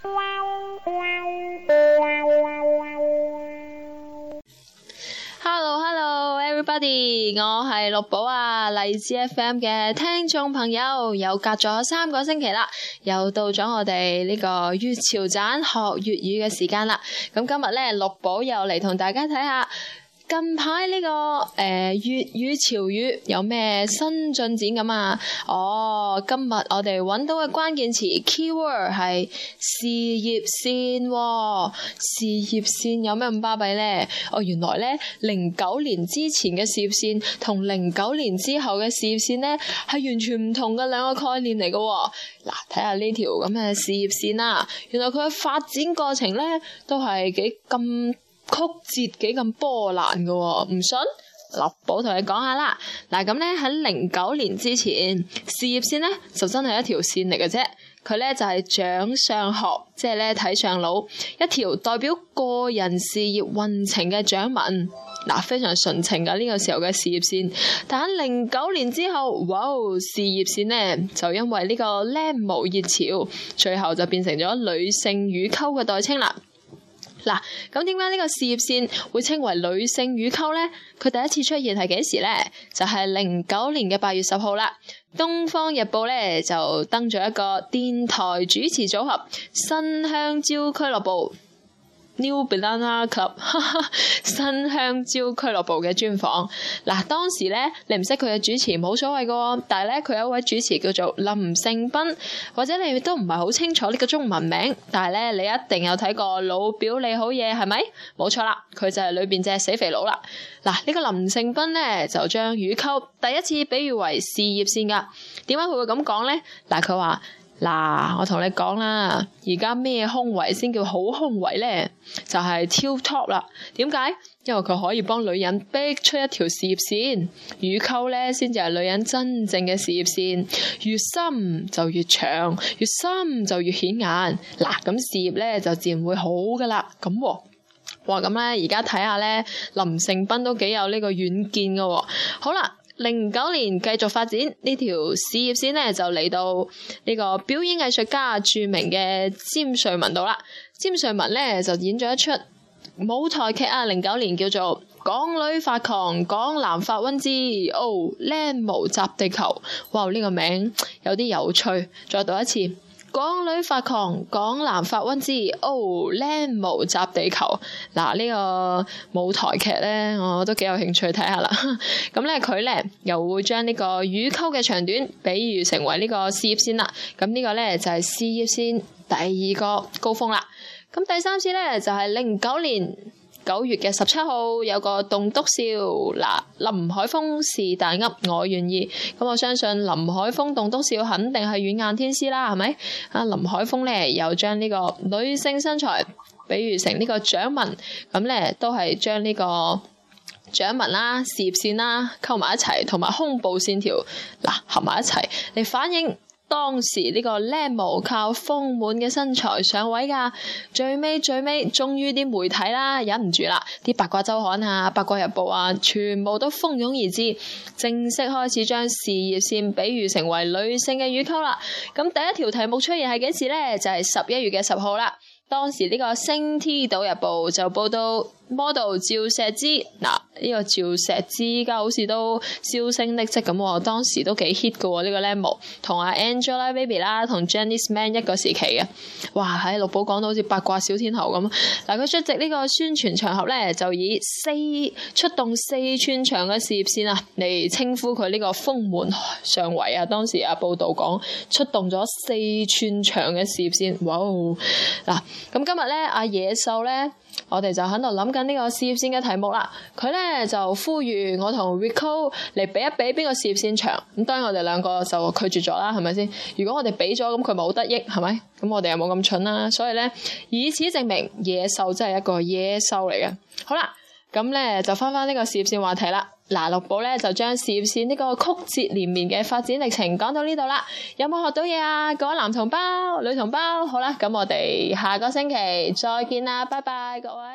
Hello, Hello, everybody！我係六寶啊，荔枝 FM 嘅聽眾朋友，又隔咗三個星期啦，又到咗我哋呢個粵潮盞學粵語嘅時間啦。咁今日呢，六寶又嚟同大家睇下。近排呢、這個誒粵語潮語有咩新進展咁啊？哦，今日我哋揾到嘅關鍵詞 keyword 係事業線，哦，事業線有咩咁巴閉咧？哦，原來咧零九年之前嘅事業線同零九年之後嘅事業線咧係完全唔同嘅兩個概念嚟嘅。嗱、啊，睇下呢條咁嘅事業線啦，原來佢嘅發展過程咧都係幾咁，曲折幾咁波瀾嘅、哦，唔信？立寶同你講下啦。嗱、啊，咁咧喺零九年之前，事業線咧就真係一條線嚟嘅啫。佢咧就係、是、掌上學，即係咧睇上佬，一條代表個人事業運程嘅掌紋。嗱、啊，非常純情嘅呢、這個時候嘅事業線。但喺零九年之後，哇，事業線咧就因為個呢個靚模熱潮，最後就變成咗女性乳溝嘅代稱啦。嗱，咁點解呢個事業線會稱為女性乳溝呢？佢第一次出現係幾時呢？就係零九年嘅八月十號啦，《東方日報》呢咧就登咗一個電台主持組合新香蕉俱樂部。New Banana Club， 新香蕉俱樂部嘅專訪。嗱，當時咧你唔識佢嘅主持冇所謂嘅，但係咧佢有一位主持叫做林盛斌，或者你亦都唔係好清楚呢個中文名，但係咧你一定有睇過老表你好嘢係咪？冇錯啦，佢就係裏邊隻死肥佬啦。嗱，呢個林盛斌咧就將乳溝第一次比喻為事業線噶。點解佢會咁講咧？嗱，佢話。嗱，我同你講啦，而家咩胸圍先叫好胸圍咧？就係、是、超 top 啦。點解？因為佢可以幫女人逼出一條事業線，乳溝咧先至係女人真正嘅事業線。越深就越長，越深就越顯眼。嗱，咁事業咧就自然會好噶啦。咁、哦，哇咁咧，而家睇下咧，林成斌都幾有呢個遠見噶。好啦。零九年繼續發展呢條事業線呢，就嚟到呢個表演藝術家著名嘅詹瑞文度啦。詹瑞文呢就演咗一出舞台劇啊，零九年叫做《港女發狂，港男發瘟之哦，h 靚模集地球》。哇，呢個名有啲有趣。再讀一次。港女發狂，港男發瘟之《o l a n 無雜地球》嗱，呢個舞台劇咧，我都幾有興趣睇下啦。咁 咧、嗯，佢咧又會將呢個乳溝嘅長短，比喻成為呢個事業線啦。咁、嗯這個、呢個咧就係、是、事業線第二個高峰啦。咁、嗯、第三次咧就係零九年。九月嘅十七號有個棟篤笑，嗱林海峰是但噏我願意，咁我相信林海峰棟篤笑肯定係軟硬天師啦，係咪？啊林海峰咧又將呢個女性身材比喻成呢個掌紋，咁咧都係將呢個掌紋啦，事業線啦溝埋一齊，同埋胸部線條嗱合埋一齊嚟反映。當時呢個靚模靠豐滿嘅身材上位噶，最尾最尾終於啲媒體啦忍唔住啦，啲八卦周刊啊、八卦日報啊，全部都蜂擁而至，正式開始將事業線比喻成為女性嘅乳溝啦。咁第一條題目出現係幾時呢？就係十一月嘅十號啦。當時呢個《星 T 島日報》就報道。Model 趙石姿嗱，呢、這個趙石姿依家好似都銷聲匿迹咁、哦、當時都幾 hit 嘅喎呢個 Lemo，同阿 Angelababy 啦，同 Janice Man 一個時期嘅，哇喺六保講到好似八卦小天后咁。嗱，佢出席呢個宣傳場合咧，就以四出動四寸長嘅事業線啊嚟稱呼佢呢個豐滿、哎、上圍啊，當時啊報道講出動咗四寸長嘅事業線，哇、哦！嗱，咁今日咧阿野獸咧，我哋就喺度諗。呢個事業線嘅題目啦，佢咧就呼籲我同 Rico 嚟比一比邊個事業線長。咁當然我哋兩個就拒絕咗啦，係咪先？如果我哋俾咗，咁佢冇得益，係咪？咁我哋又冇咁蠢啦、啊，所以咧以此證明野獸真係一個野獸嚟嘅。好啦，咁咧就翻翻呢個事業線話題啦。嗱，六寶咧就將事業線呢個曲折連綿嘅發展歷程講到呢度啦。有冇學到嘢啊？各位男同胞、女同胞，好啦，咁我哋下個星期再見啦，拜拜，各位。